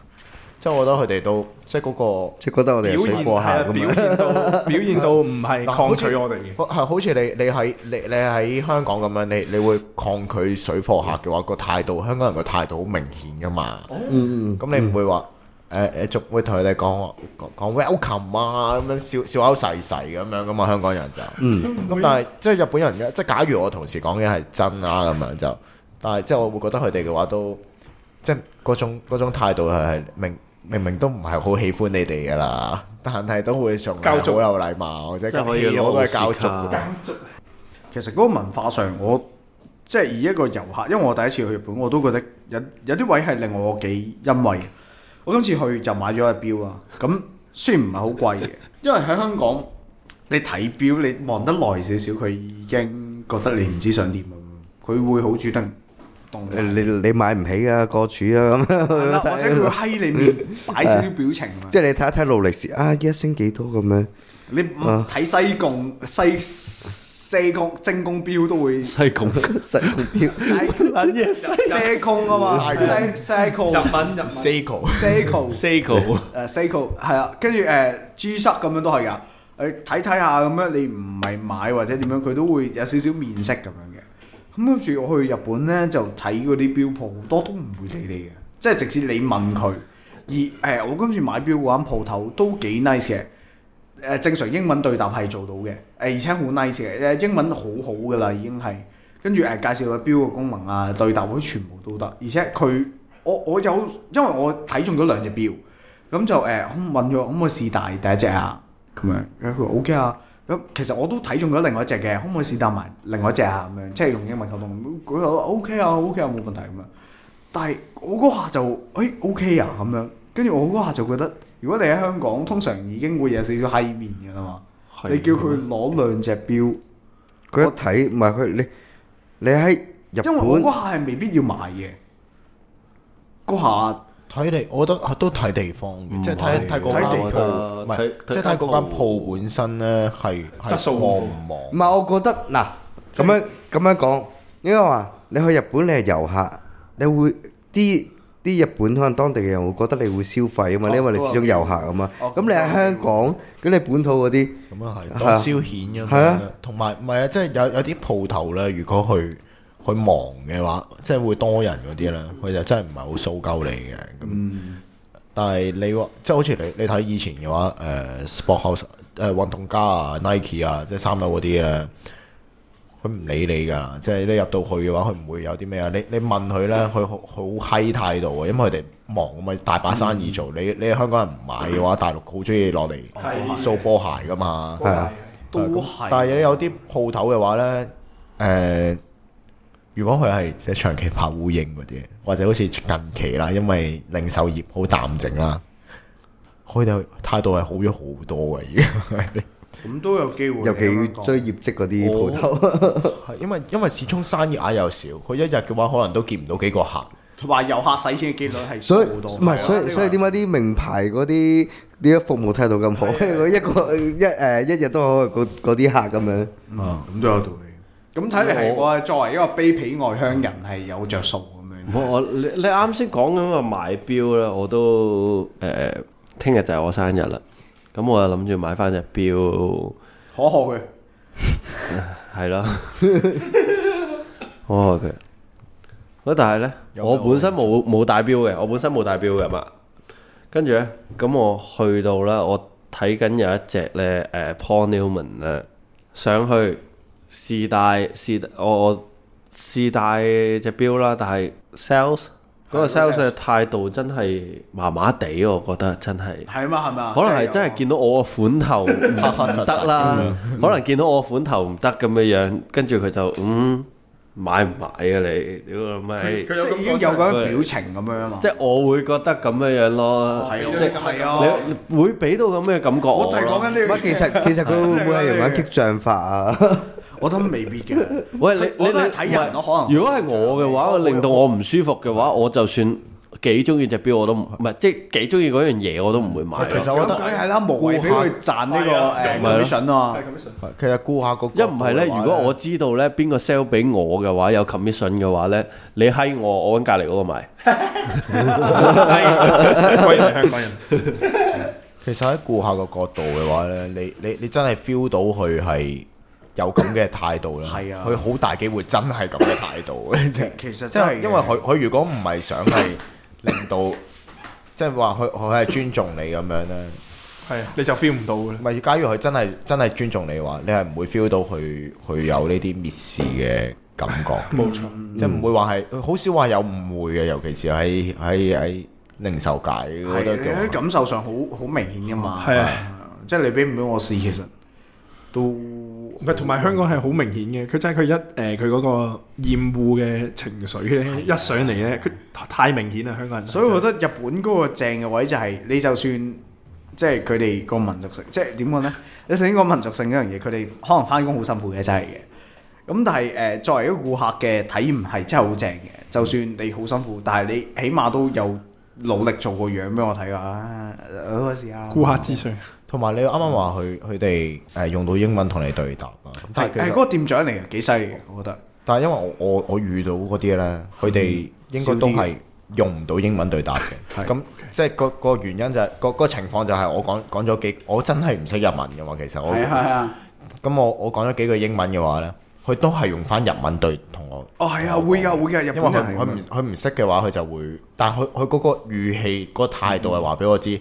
即係我覺得佢哋都即係嗰個，即係覺得我哋水貨客表現到表現到唔係抗拒我哋。係好似你你喺你你喺香港咁樣，你你會抗拒水貨客嘅話，個態度香港人個態度好明顯噶嘛。嗯嗯。咁你唔會話誒誒，仲會同佢哋講講 welcome 啊咁樣笑笑口細細咁樣噶嘛？香港人就咁。但係即係日本人嘅，即係假如我同事講嘅係真啊咁樣就，但係即係我會覺得佢哋嘅話都即係嗰種嗰種態度係係明。明明都唔係好喜歡你哋噶啦，但係都會仲係好有禮貌，授或者嘅嘢我都係教俗。其實嗰個文化上我，我即係以一個遊客，因為我第一次去日本，我都覺得有有啲位係令我幾欣慰。我今次去就買咗一表啊，咁雖然唔係好貴嘅， 因為喺香港你睇表你望得耐少少，佢已經覺得你唔知想點，佢會好主動。你你買唔起啊？個柱啊咁，或者佢喺你面擺少少表情，即係你睇一睇勞力士啊，一升幾多咁樣。你唔睇西貢西西貢精工表都會西貢西貢表，西貢啊嘛，西西嘛，西貢，西貢，西貢，誒西貢係啊，跟住誒 G 塞咁樣都係噶，你睇睇下咁樣，你唔係買或者點樣，佢都會有少少面色咁樣嘅。咁跟住我去日本咧，就睇嗰啲表鋪，好多都唔會理你嘅，即係直接你問佢。而誒、欸，我今次買表嗰間鋪頭都幾 nice 嘅，誒、呃、正常英文對答係做到嘅，誒、呃、而且好 nice 嘅，誒、呃、英文好好噶啦，已經係。跟住誒、呃、介紹個表嘅功能啊，對答會全部都得。而且佢，我我有，因為我睇中咗兩隻表，咁、嗯、就誒、呃、問咗可唔可以試大第一隻啊？佢咪，佢話 OK 啊。咁其實我都睇中咗另外一隻嘅，可唔可以試搭埋另外一隻啊？咁樣、mm hmm. 即係用英文溝通，佢話 O K 啊，O K 啊，冇、OK 啊、問題咁、啊欸 OK 啊、樣。但係我嗰下就誒 O K 啊咁樣，跟住我嗰下就覺得，如果你喺香港，通常已經會有少少黑面嘅啦嘛。你叫佢攞兩隻錶，佢一睇，唔係佢你你喺入因為我嗰下係未必要買嘅，嗰下。睇嚟，我覺得都睇地方嘅，即係睇睇嗰間鋪，唔係即係睇嗰間鋪本身咧，係質素旺唔旺。唔係，我覺得嗱，咁樣咁樣講，應該話你去日本，你係遊客，你會啲啲日本可能當地嘅人會覺得你會消費啊嘛，因為你始終遊客啊嘛。咁你喺香港，咁你本土嗰啲咁啊，係當消遣嘅。係啊，同埋唔係啊，即係有有啲鋪頭咧，如果去。佢忙嘅話，即係會多人嗰啲咧，佢、嗯、就真係唔係好騷鳩你嘅。咁，但係你即係好似你你睇以前嘅話，誒、呃，Sport House，誒、運動家啊，Nike 啊，即係三樓嗰啲咧，佢唔理你噶。即係你入到去嘅話，佢唔會有啲咩啊？你你問佢咧，佢好好嗨態度啊。因為佢哋忙咪大把生意做。嗯、你你香港人唔買嘅話，的大陸好中意落嚟掃波鞋噶嘛。係的的啊，都係。但係你有啲鋪頭嘅話咧，誒、呃。如果佢係即係長期拍烏蠅嗰啲，或者好似近期啦，因為零售業好淡靜啦，佢哋態度係好咗好多嘅，已經咁都有機會，尤其追業績嗰啲鋪頭。因為因為始終生意額又少，佢一日嘅話可能都見唔到幾個客，同埋遊客使錢嘅機率係所以好多，唔係所以所以點解啲名牌嗰啲啲服務態度咁好？譬如 一個一誒、uh, 一日都好嗰啲客咁樣，啊咁、嗯、都有道理。咁睇嚟係我係作為一個卑鄙外鄉人係有着數咁樣。唔，我你你啱先講緊個買表咧，我都誒聽日就係我生日啦。咁我就諗住買翻隻表，可賀佢， 係咯， 可賀佢。咁但係咧，我本身冇冇戴表嘅，我本身冇戴表嘅嘛。跟住咧，咁我去到啦，我睇緊有一隻咧誒 Paul Newman 啊，呃、Newman，上去。是大是，我是大隻表啦，但係 sales 嗰個 sales 嘅態度真係麻麻地，我覺得真係。係啊嘛，係嘛？可能係真係見到我個款頭唔得啦，可能見到我個款頭唔得咁嘅樣，跟住佢就嗯，買唔買啊你？屌咩？即係已經有嗰個表情咁樣啊嘛！即係我會覺得咁嘅樣咯，即係會俾到咁嘅感覺。我就係講緊呢，唔係其實其實佢會唔會係用緊激將法啊？我都未必嘅。喂，你你睇人囉，可能。如果係我嘅話，令到我唔舒服嘅話，我就算幾中意隻錶我都唔，唔係即係幾中意嗰樣嘢我都唔會買。其實我覺得顧客賺呢個 commission 啊。其實顧客個一唔係咧，如果我知道咧邊個 sell 俾我嘅話，有 commission 嘅話咧，你閪我，我揾隔離嗰個買。香港人。其實喺顧客個角度嘅話咧，你你你真係 feel 到佢係。有咁嘅態度啦，佢好大機會真係咁嘅態度。其實即係因為佢佢如果唔係想係令到，即係話佢佢係尊重你咁樣咧，係你就 feel 唔到嘅。唔係，假如佢真係真係尊重你話，你係唔會 feel 到佢佢有呢啲蔑視嘅感覺。冇錯，即係唔會話係好少話有誤會嘅，尤其是喺喺喺零售界，我覺得喺感受上好好明顯㗎嘛。係啊，即係你俾唔俾我試，其實都。同埋香港係好明顯嘅，佢真係佢一誒佢嗰個厭惡嘅情緒咧一上嚟咧，佢太明顯啦，香港人。所以我覺得日本嗰個正嘅位就係、是、你就算即係佢哋個民族性，即係點講咧？你首先講民族性一樣嘢，佢哋可能返工好辛苦嘅真係嘅。咁但係誒、呃，作為一個顧客嘅體驗係真係好正嘅。就算你好辛苦，但係你起碼都有。努力做個樣俾我睇啊！嗰個時顧客諮詢，同埋 你啱啱話佢佢哋誒用到英文同你對答啊！但係嗰、嗰個店長嚟嘅幾犀利，我，我覺得。但係因為我我我遇到嗰啲咧，佢哋應該都係用唔到英文對答嘅。咁即係個個原因就係、係嗰個情況就係、係、我講講咗幾，我真係唔識日文嘅嘛。其實我係啊咁、啊、我我講咗幾句英文嘅話咧。佢都係用翻日文對同我。哦，係啊，會啊，會嘅，因為佢佢唔佢唔識嘅話，佢就會。但係佢佢嗰個語氣，嗰個態度係話俾我知，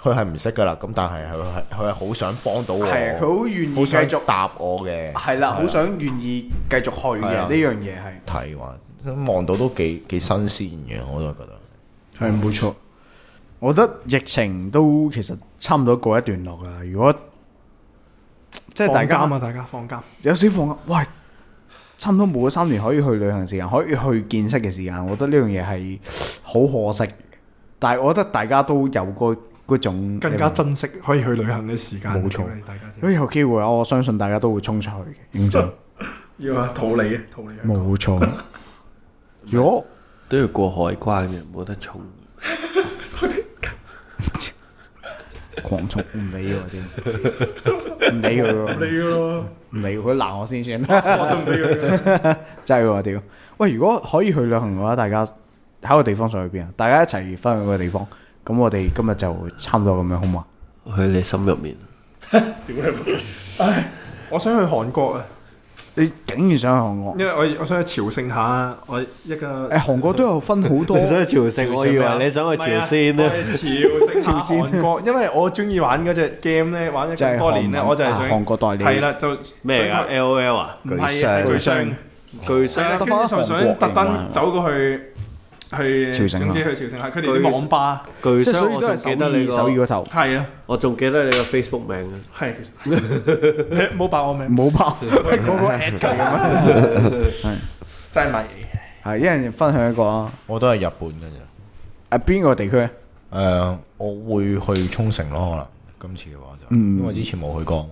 佢係唔識噶啦。咁但係佢係佢係好想幫到我。係啊，佢好願意繼續答我嘅。係啦，好想願意繼續去嘅呢樣嘢係。睇話，望到都幾幾新鮮嘅，我都覺得係冇錯。我覺得疫情都其實差唔多過一段落啦。如果即係大家啊，大家放假，有少放假。喂，差唔多冇咗三年可以去旅行時間，可以去見識嘅時間，我覺得呢樣嘢係好可惜。但係我覺得大家都有嗰嗰種更加珍惜說可以去旅行嘅時間。冇錯錯，如果有機會，我相信大家都會衝出去嘅。認真 要啊，逃離啊，逃離啊！冇錯錯， 如果都要過海關嘅，冇得衝。 狂衝唔理我屌，唔理佢喎，唔理佢，唔理佢，佢鬧我先算，啊、我都唔理佢， 真係喎屌！喂，如果可以去旅行嘅話，大家喺個地方上去邊啊？大家一齊翻去嗰個地方，咁我哋今日就差唔多咁樣，好嘛？去你心入面，屌你！唉，我想去韓國啊！你竟然想去韓國？因為我我想去朝聖下，我一個誒韓國都有分好多。你想去朝聖，我以為你想去朝鮮啦。朝朝鮮。韓國，因為我中意玩嗰隻 game 咧，玩咗咁多年咧，我就係想韓國代理。係啦，就咩啊？L O L 啊？唔係，巨商，巨商，跟住就想特登走過去。去潮城咯，總之去潮城啦。佢哋網吧，巨商，我仲記得你個手語個頭，係啊，我仲記得你個 Facebook 名啊。係，冇爆我名，冇爆，講個 a 真係迷，係一人分享一個啊。我都係日本㗎咋？啊邊個地區？誒，我會去沖繩咯，可能今次嘅話就，因為之前冇去過。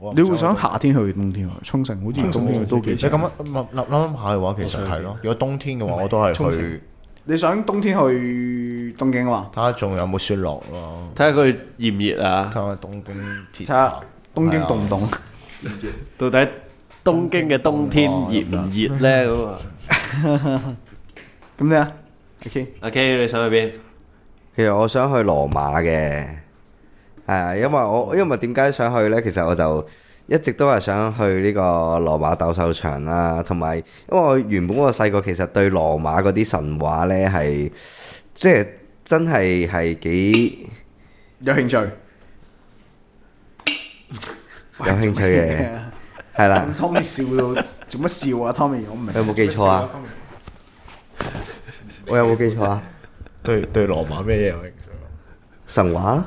係，你會想夏天去，冬天去沖繩好似冬天去都幾正。咁諗諗下嘅話，其實係咯。如果冬天嘅話，我都係去。你想冬天去東京啊？睇下仲有冇雪落咯。睇下佢熱唔熱啊？睇下東京鐵。睇下東京凍唔凍？到底東京嘅冬天熱唔熱咧？咁啊？咁你啊？K，K，你想去邊？其實我想去羅馬嘅。係啊，因為我因為點解想去咧？其實我就一直都係想去呢個羅馬鬥獸場啦，同埋因為我原本我細個其實對羅馬嗰啲神話咧，係即係真係係幾有興趣，有興趣嘅係啦。Tommy 笑到，啊、做乜笑啊？Tommy，我唔明。你有冇記錯啊？我有冇記錯啊？對對，羅馬咩嘢有興趣神話。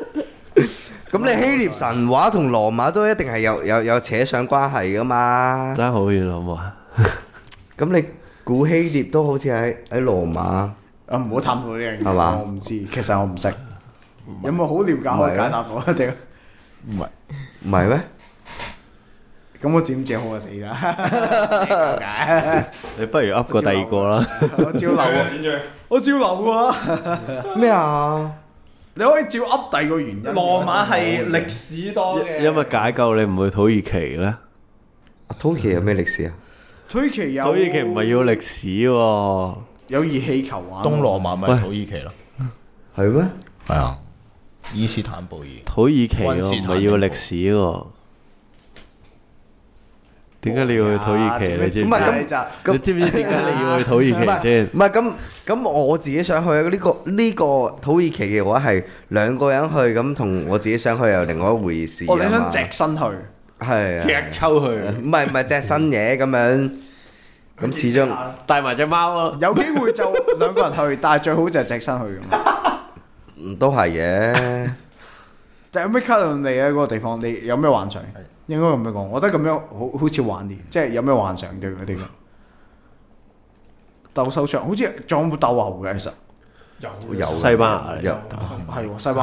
咁你希臘神話同羅馬都一定係有有有扯上關係噶嘛？真係好遠，好唔好啊？咁你古希臘都好似喺喺羅馬？啊，唔好探討呢樣嘢，我唔知，其實我唔識。有冇好了解可以解答我？唔係唔係咩？咁我剪照我就死啦！你不如 up 個第二個啦。我照流嘅剪照，我照流嘅咩啊？你可以照噏第二個原因。羅馬係歷史多嘅。因為解救你唔去土耳其咧。阿土耳其有咩歷史啊？土耳其有。土耳其唔係要歷史喎。有熱氣球玩。東羅馬咪土耳其咯？係咩？係啊。伊斯坦布爾。土耳其唔、啊、係要歷史喎、啊。點解你要去土耳其？ 你知唔知點解你要去土耳其先？唔係咁，咁我自己想去啊！呢個呢個土耳其嘅話係兩個人去，咁同我自己想去又另外一回事。哦，你想隻身去？係。隻抽去？唔係唔係只新嘢，咁樣，咁始終帶埋隻貓咯。 有機會就兩個人去，但係最好就係隻身去噶嘛 咁都係嘅。就有咩吸引你喺嗰個地方，你有咩幻想？是的 應該咁樣講，我覺得咁樣好好似玩啲，即、就、係、是、有咩幻想對嗰啲嘅鬥獸場，好似仲有冇鬥牛嘅？其實有西班牙，有係喎西班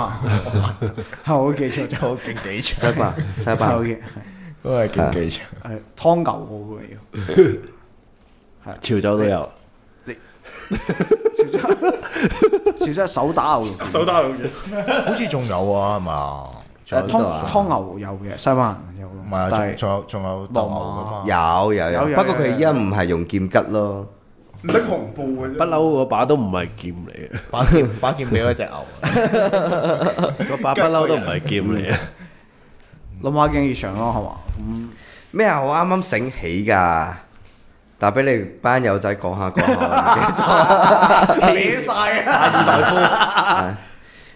牙，我 記錯咗，競技場，錯 西班牙，西班牙，都係競技場，係劏牛喎要，係潮州都有。是的 潮州，潮州係手打牛肉，手打牛肉，好似仲有啊，係嘛？湯湯牛有嘅，係嘛？有，但係仲有仲有鬥牛噶嘛？有有有，不過佢依家唔係用劍吉咯，唔識恐怖嘅，不嬲嗰把都唔係劍嚟嘅，把劍把劍俾嗰隻牛，嗰把不嬲都唔係劍嚟嘅，老馬驚異常咯，係嘛？嗯，咩啊？我啱啱醒起㗎。打俾你班友仔講下講下，歪曬啊！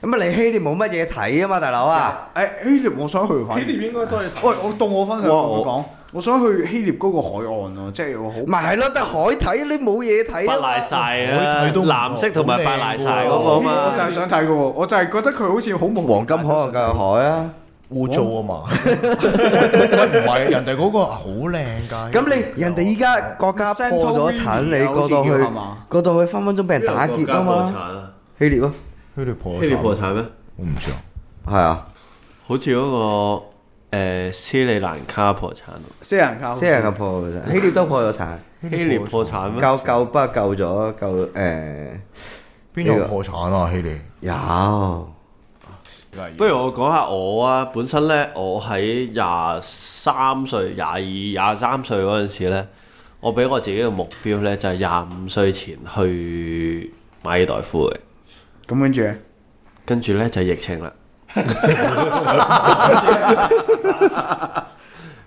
咁啊，希臘冇乜嘢睇啊嘛，大佬啊！誒希臘我想去翻，希臘應該多嘢睇。喂，我到我分享，我講我想去希臘嗰個海岸啊，即係我好。咪係咯，得海睇，你冇嘢睇啊！白晒啊，海都藍色同埋白晒嗰個啊嘛，我就係想睇嘅喎，我就係覺得佢好似好冇黃金海岸嘅海啊。污糟啊嘛！唔係，人哋嗰個好靚㗎。咁你人哋依家國家破咗產，你嗰度去，嗰度去分分鐘俾人打劫啊嘛！破產啊？希臘啊？希臘破產咩？我唔知啊。係啊，好似嗰個斯里蘭卡破產啊，斯里蘭卡，斯里蘭卡破產，希臘都破咗產，希臘破產咩？救，不過救咗救。誒？邊度破產啊？希臘有。不如我講下我啊！本身呢，我喺廿三歲，廿二、廿三歲嗰陣時呢，我俾我自己嘅目標呢，就係廿五歲前去馬爾代夫嘅。咁跟住呢，跟住呢，就係疫情啦。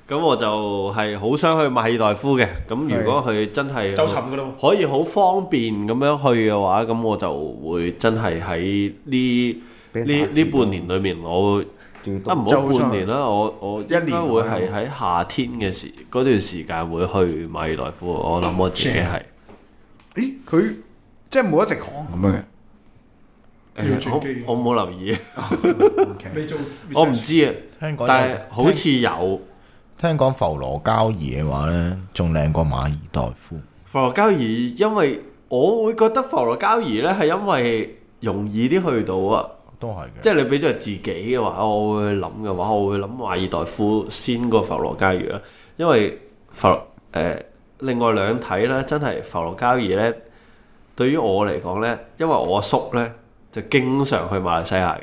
咁我就係好想去馬爾代夫嘅。咁如果佢真係可以好方便咁樣去嘅話，咁我就會真係喺呢。呢呢半年裏面，我都唔好半年啦。我我應該會係喺夏天嘅時嗰段時間會去馬爾代夫。我諗我自己係，咦，佢即係冇一直講咁樣嘅。我我冇留意，未做。我唔知啊。聽講，但係好似有聽講浮羅交怡嘅話咧，仲靚過馬爾代夫。浮羅交怡，因為我會覺得浮羅交怡咧係因為容易啲去到啊。都係嘅，即係你俾咗自己嘅話，我會諗嘅話，我會諗華爾代夫先過浮羅交怡啦，因為浮誒、呃，另外兩睇咧，真係浮羅交怡咧，對於我嚟講咧，因為我阿叔咧就經常去馬來西亞嘅，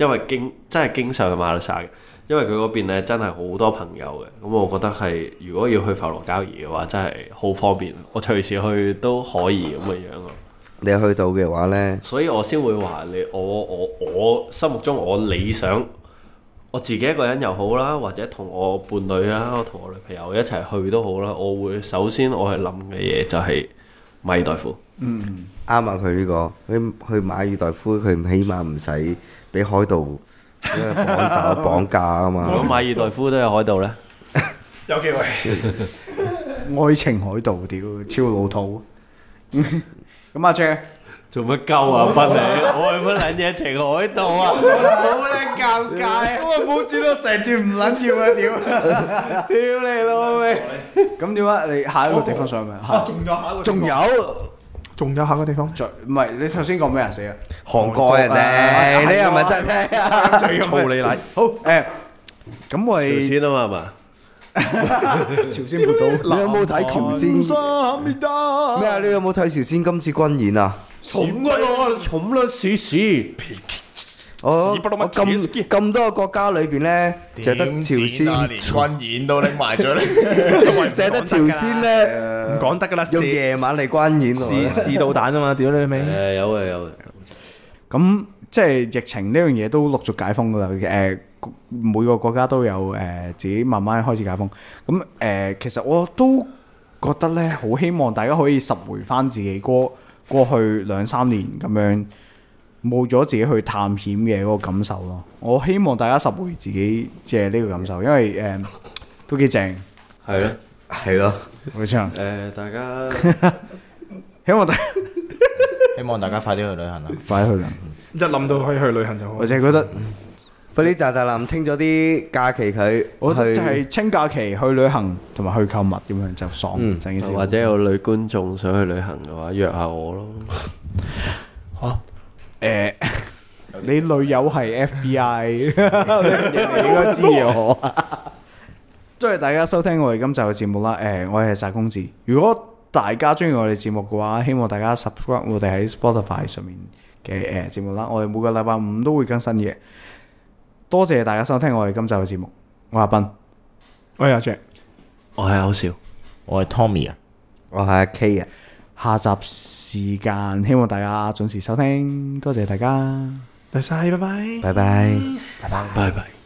因為經真係經常去馬來西亞嘅，因為佢嗰邊咧真係好多朋友嘅，咁我覺得係如果要去浮羅交怡嘅話，真係好方便，我隨時去都可以咁嘅樣啊。你去到嘅話呢，所以我先會話你，我我我心目中我理想，我自己一個人又好啦，或者同我伴侶啦，同我女朋友一齊去都好啦。我會首先我係諗嘅嘢，就係馬爾代夫。嗯，啱啊，佢呢個去去馬爾代夫，佢起碼唔使俾海盜綁架綁架啊嘛。如果馬爾代夫都有海盜呢，有機會。愛情海盜屌，超老土。咁阿 je 做乜鳩啊？不你開乜卵嘢情海度啊？好你尷尬，我冇知道成段唔卵嘢啊！屌，屌你老味！咁點解你下一個地方上咪？仲有仲有下一個地方？最唔係你頭先講咩人死啊？韓國人哋，你又唔係真係啊？操你奶！好誒，咁我哋先啊嘛，係嘛？朝鮮半島，你有冇睇朝鮮咩啊？你有冇睇朝鮮今次軍演啊？重啊，重甩鼠鼠！我我咁咁多個國家裏邊咧，淨得朝鮮軍演都拎埋咗咧，淨得朝鮮咧唔講得噶啦，用夜晚嚟軍演試試導彈啊嘛？屌你未？誒，有啊，有。咁即係疫情呢樣嘢都陸續解封噶啦，誒。每個國家都有誒，自己慢慢開始解封。咁誒，其實我都覺得咧，好希望大家可以拾回返自己過過去兩三年咁樣冇咗自己去探險嘅嗰個感受咯。我希望大家拾回自己嘅呢個感受，因為誒都幾正。係咯，係咯，冇錯。誒 、呃，大家 希望大家 希望大家快啲去旅行啦， 快啲去旅行， 一諗到可以去旅行就好。我淨係覺得。嗰啲喳喳林清咗啲假期佢，我覺得就係清假期去旅行同埋去購物，咁樣就爽。成件事，或者有女觀眾想去旅行嘅話，約下我咯。吓、啊？誒、啊，你女友係 F B I，你應該知我。多、嗯、謝大家收聽我哋今集嘅節目啦。誒、啊，我係石公子。 如果大家中意我哋節目嘅話，希望大家 subscribe 我哋喺 Spotify 上面嘅誒節目啦。我哋每個禮拜五都會更新嘅。 多謝大家收聽我哋今集嘅節目，我係阿斌，我係阿 Jack，我係阿小，我係 Tommy 啊，我係阿 K 啊。下集時間希望大家準時收聽，多謝大家，再見，拜拜，拜拜，拜拜，拜拜。